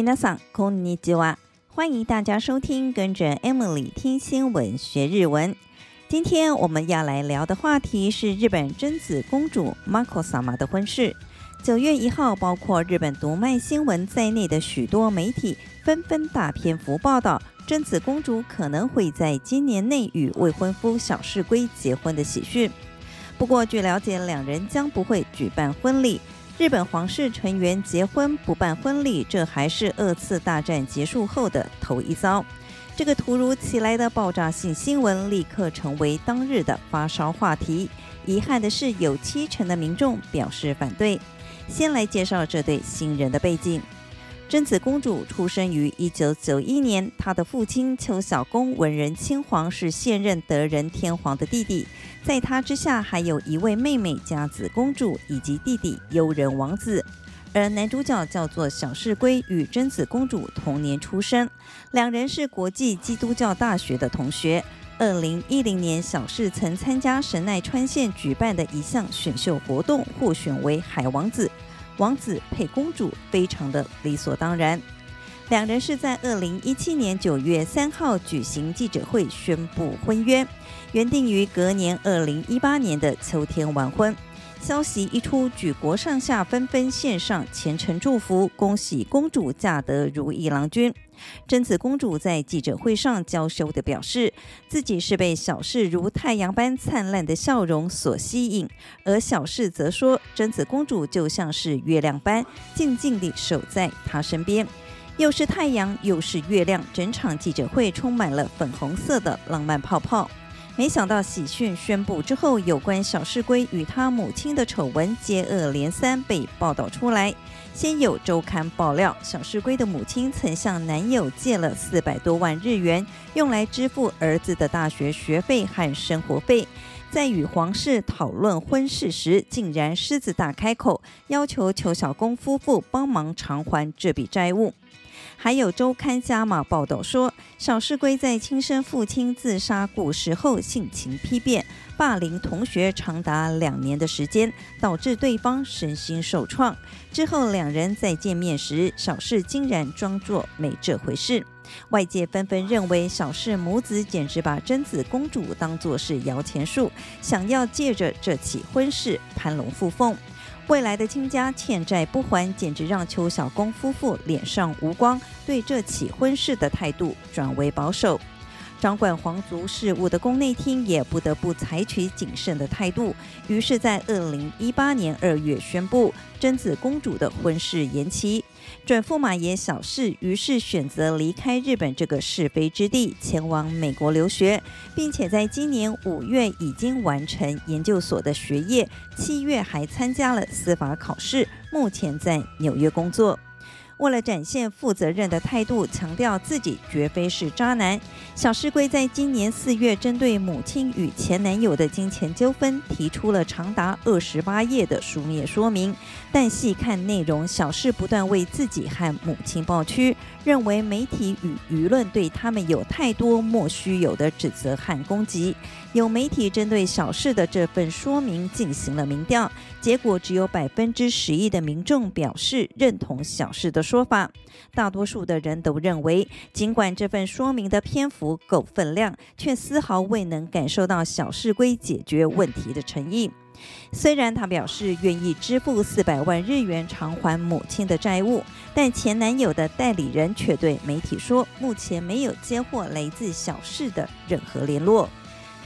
皆さんこんにちは。歡迎大家收聽，跟着 Emily 聽新聞學日文。今天我們要來聊的話題是日本真子公主まこさま的婚事。九月一號，包括日本讀賣新聞在內的許多媒體紛紛大篇幅報道真子公主可能會在今年內與未婚夫小室圭結婚的喜訊。不過，據了解，兩人將不會舉辦婚禮。日本皇室成員結婚不辦婚禮，這還是二次大戰結束後的頭一遭。這個突如其來的爆炸性新聞立刻成為當日的發燒話題。遺憾的是，有七成的民眾表示反對。先來介紹這對新人的背景。真子公主出生於一九九一年，她的父親秋篠宮，文仁親王，是現任德仁天皇的弟弟，在他之下還有一位妹妹佳子公主以及弟弟悠仁王子。而男主角叫做小室圭，與真子公主同年出生，兩人是國際基督教大學的同學。二零一零年，小室曾參加神奈川縣舉辦的一項選秀活動，獲選為海王子。王子配公主，非常的理所當然。兩人是在二零一七年九月三號舉行記者會宣布婚約，原定於隔年二零一八年的秋天完婚。消息一出，舉國上下紛紛獻上虔誠祝福，恭喜公主嫁得如意郎君。真子公主在記者會上嬌羞地表示，自己是被小室如太陽般燦爛的笑容所吸引，而小室則說，真子公主就像是月亮般靜靜地守在她身邊。又是太陽，又是月亮，整場記者會充滿了粉紅色的浪漫泡泡。沒想到喜訊宣布之後，有關小室圭與他母親的醜聞接二連三被報道出來。先有周刊爆料，小室圭的母親曾向男友借了四百多萬日元，用來支付兒子的大學學費和生活費。在與皇室討論婚事時，竟然獅子大開口，要求秋篠宮夫婦幫忙償還這筆債務。還有周刊《加碼》報道說，小室圭在親生父親自殺故事後性情丕變，霸凌同學長達兩年的時間，導致對方身心受創。之後兩人再見面時，小室竟然裝作沒這回事。外界紛紛認為，小室母子簡直把真子公主當作是搖錢樹，想要借着這起婚事攀龍附鳳。未來的親家欠債不還，簡直讓秋筱宮夫婦臉上無光，對這起婚事的態度轉為保守。掌管皇族事務的宮內廳也不得不採取謹慎的態度，於是，在二零一八年二月宣布真子公主的婚事延期。準駙馬爺小室圭，於是選擇離開日本這個是非之地，前往美國留學，並且在今年五月已經完成研究所的學業，七月還參加了司法考試，目前在紐約工作。為了展現負責任的態度，強調自己絕非是渣男。小室圭在今年四月針對母親與前男友的金錢糾紛，提出了長達二十八頁的書面說明。但細看內容，小室圭不斷為自己和母親抱屈，認為媒體與輿論對他們有太多莫須有的指責和攻擊。有媒體針對小室圭的這份說明進行了民調，結果只有百分之十一的民眾表示認同小室圭的說明。說法，大多數的人都認為，儘管這份說明的篇幅夠分量，卻絲毫未能感受到小室圭解決問題的誠意。雖然他表示願意支付四百萬日元償還母親的債務，但前男友的代理人卻對媒體說，目前沒有接獲來自小室圭的任何聯絡。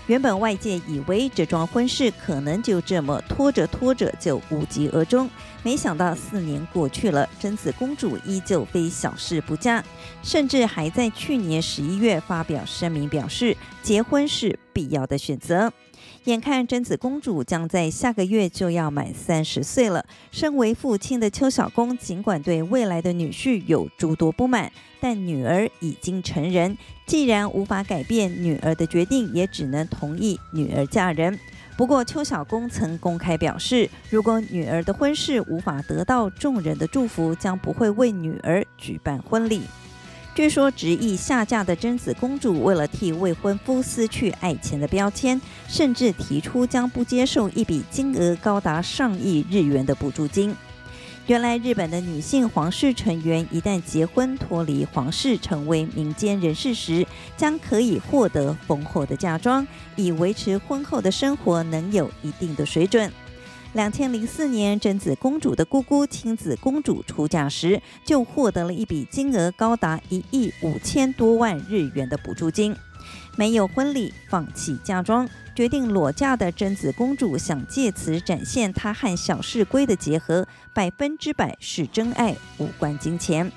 原本外界以為這樁婚事可能就這麼拖着拖着，就無疾而終，沒想到四年過去了，真子公主依舊非小室不嫁，甚至還在去年十一月發表聲明表示，結婚是必要的選擇。眼看真子公主將在下個月就要滿三十歲了，身為父親的秋篠宮儘管對未來的女婿有諸多不滿，但女兒已經成人，既然無法改變女兒的決定，也只能同意女兒嫁人。不過，秋篠宮曾公開表示，如果女兒的婚事無法得到眾人的祝福，將不會為女兒舉辦婚禮。據說，執意下嫁的真子公主為了替未婚夫撕去“愛錢”的標籤，甚至提出將不接受一筆金額高達上億日元的補助金。原來，日本的女性皇室成員一旦結婚，脫離皇室成為民間人士時，將可以獲得豐厚的嫁妝，以維持婚後的生活能有一定的水準。兩千零四年，真子公主的姑姑清子公主出嫁時，就獲得了一筆金額高達一億五千多萬日元的補助金。沒有婚禮，放棄嫁妝，決定裸嫁的真子公主想借此展現她和小室圭的結合，百分之百是真愛，無關金錢。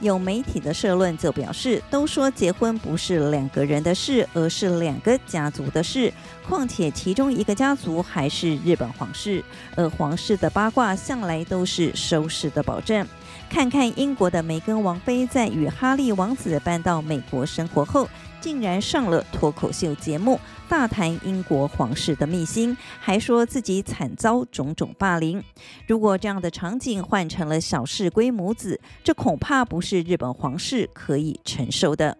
有媒體的社論就表示，都說結婚不是兩個人的事，而是兩個家族的事。況且其中一個家族還是日本皇室，而皇室的八卦向來都是收視的保證。看看英國的梅根王妃在與哈利王子搬到美國生活後，竟然上了脫口秀節目，大談英國皇室的秘辛，還說自己慘遭種種霸凌。如果這樣的場景換成了小室圭母子，這恐怕不是日本皇室可以承受的。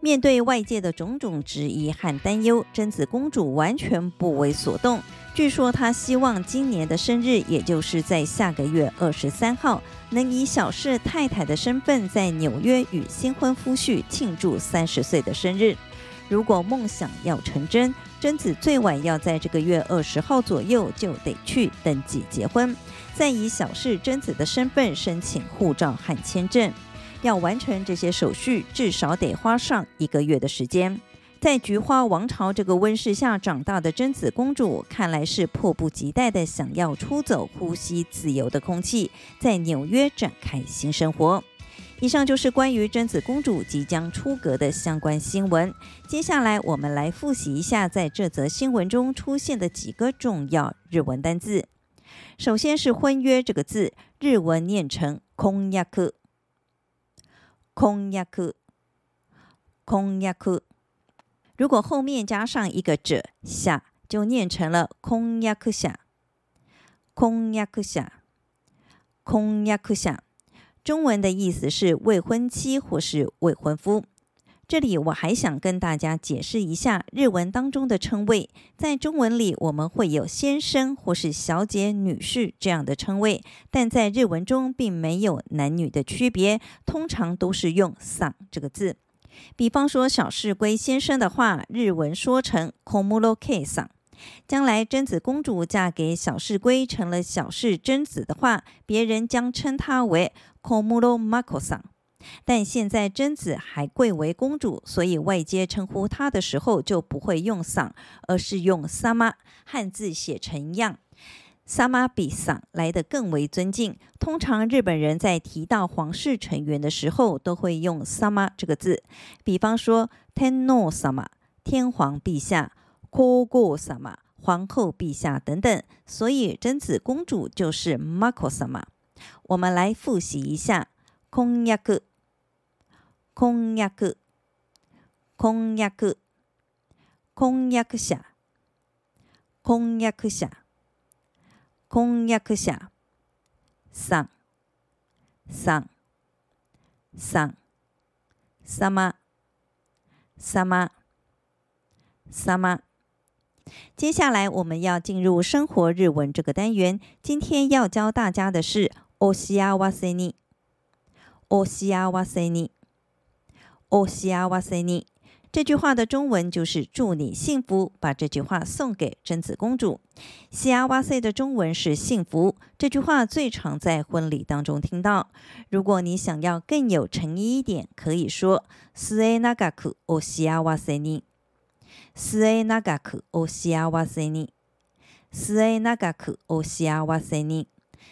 面對外界的種種質疑和擔憂，真子公主完全不為所動。據說他希望今年的生日，也就是在下個月二十三號，能以小室太太的身份在紐約與新婚夫婿慶祝三十歲的生日。如果夢想要成真，真子最晚要在這個月二十號左右就得去登記結婚，再以小室真子的身份申請護照和簽證。要完成這些手續，至少得花上一個月的時間。在菊花王朝這個溫室下長大的真子公主，看來是迫不及待的，想要出走，呼吸自由的空氣，在紐約展開新生活。以上就是關於真子公主即將出閣的相關新聞。接下來我們來復習一下，在這則新聞中出現的幾個重要日文單字。首先是“婚約”這個字，日文念成“空呀科”，“空呀科”，“空呀科”。如果後面加上一個者下，就念成了空呀克下，空呀克下，空呀克下。中文的意思是未婚妻或是未婚夫。這裡我還想跟大家解釋一下日文當中的稱謂。在中文裡，我們會有先生或是小姐、女士這樣的稱謂，但在日文中並沒有男女的區別，通常都是用さん這個字。比方說，小室圭先生的話，日文說成 Komuro Kei-san。將來真子公主嫁給小室圭，成了小室真子的話，別人將稱她為 Komuro Mako-san。但現在真子還貴為公主，所以外界稱呼她的時候就不會用“桑”，而是用 “SAMA”，漢字寫成“樣”。薩瑪比薩來的更為尊敬。通常日本人在提到皇室成員的時候，都會用薩瑪這個字。比方說，天皇薩瑪，天皇陛下；皇后薩瑪，皇后陛下等等。所以，真子公主就是馬克薩瑪。我們來複習一下：婚約、婚約、婚約、婚約者、婚約者。婚約者、さん。さん。さん。さん、さん、様、様、様。接下來我們要進入生活日文這個單元。今天要教大家的是お幸せに、お幸せに、お幸せに。這句話的中文就是“祝你幸福”。把這句話送給真子公主。幸せ的中文是“幸福”。這句話最常在婚禮當中聽到。如果你想要更有誠意一點，可以說“末永くお幸せに”。末永くお幸せに。末永くお幸せに。